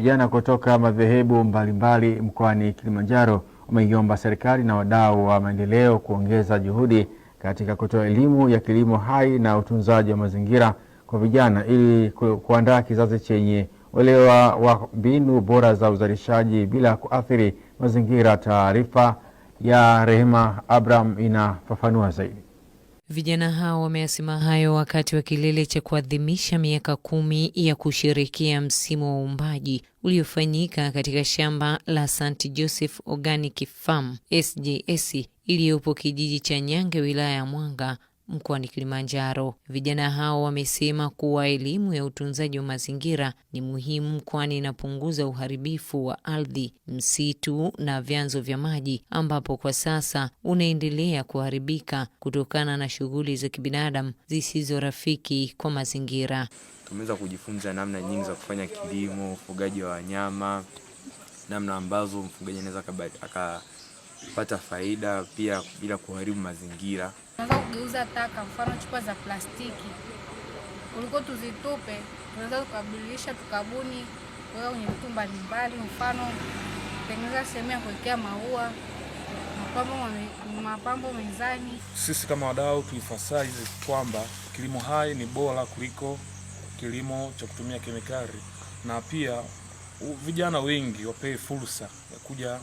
Vijana kutoka madhehebu mbalimbali mkoani Kilimanjaro wameiomba serikali na wadau wa maendeleo kuongeza juhudi katika kutoa elimu ya kilimo hai na utunzaji wa mazingira kwa vijana ili kuandaa kizazi chenye uelewa wa mbinu bora za uzalishaji bila kuathiri mazingira. Taarifa ya Rehema Abraham inafafanua zaidi. Vijana hao wameyasema hayo wakati wa kilele cha kuadhimisha miaka kumi ya kusherekea msimu wa uumbaji uliofanyika katika shamba la St Joseph Organic Farm SJS iliyopo kijiji cha Nyange wilaya ya Mwanga mkoani Kilimanjaro. Vijana hao wamesema kuwa elimu ya utunzaji wa mazingira ni muhimu, kwani inapunguza uharibifu wa ardhi, msitu na vyanzo vya maji, ambapo kwa sasa unaendelea kuharibika kutokana na shughuli za kibinadamu zisizo rafiki kwa mazingira. Tumeweza kujifunza namna nyingi za kufanya kilimo, ufugaji wa wanyama, namna ambazo mfugaji anaweza kupata faida pia bila kuharibu mazingira. Tunaweza kugeuza taka, mfano chupa za plastiki kuliko tuzitupe, tunaweza tukabadilisha tukabuni kuweka kwenye vitu mbalimbali, mfano tengeneza sehemu ya kuwekea maua, mapambo mezani. Sisi kama wadau tuemphasize kwamba kilimo hai ni bora kuliko kilimo cha kutumia kemikali, na pia vijana wengi wapewe fursa ya kuja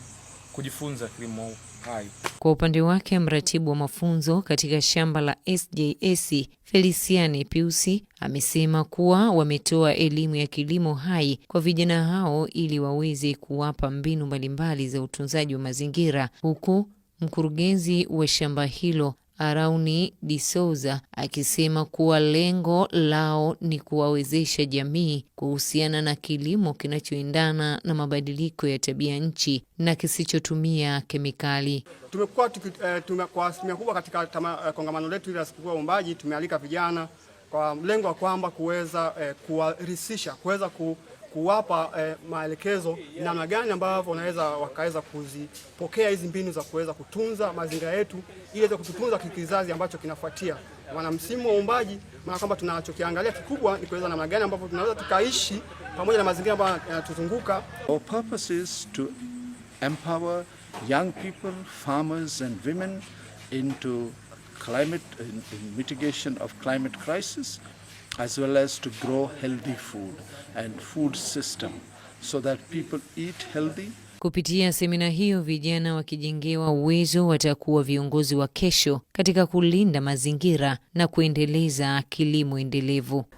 kujifunza kilimo hai. Kwa upande wake, mratibu wa mafunzo katika shamba la SJS Felisiani Piusi amesema kuwa wametoa elimu ya kilimo hai kwa vijana hao ili waweze kuwapa mbinu mbalimbali za utunzaji wa mazingira huku mkurugenzi wa shamba hilo Arauni Di Souza akisema kuwa lengo lao ni kuwawezesha jamii kuhusiana na kilimo kinachoendana na mabadiliko ya tabia nchi na kisichotumia kemikali. Tumekuwa eh, tume kwa asilimia kubwa katika uh, kongamano letu hili la sikukuu ya uumbaji tumealika vijana kwa lengo la kwamba kuweza eh, kuwarisisha kuweza ku kuwapa eh, maelekezo namna gani ambavyo wanaweza wakaweza kuzipokea hizi mbinu za kuweza kutunza mazingira yetu ili iweze kututunza kizazi ambacho kinafuatia. Wana msimu wa uumbaji, maana kwamba tunachokiangalia kikubwa ni kuweza namna gani ambavyo tunaweza tukaishi pamoja na mazingira ambayo yanatuzunguka. Our purpose is to empower young people, farmers and women into climate in, in mitigation of climate crisis as well as to grow healthy food and food system so that people eat healthy. Kupitia semina hiyo, vijana wakijengewa uwezo watakuwa viongozi wa kesho katika kulinda mazingira na kuendeleza kilimo endelevu.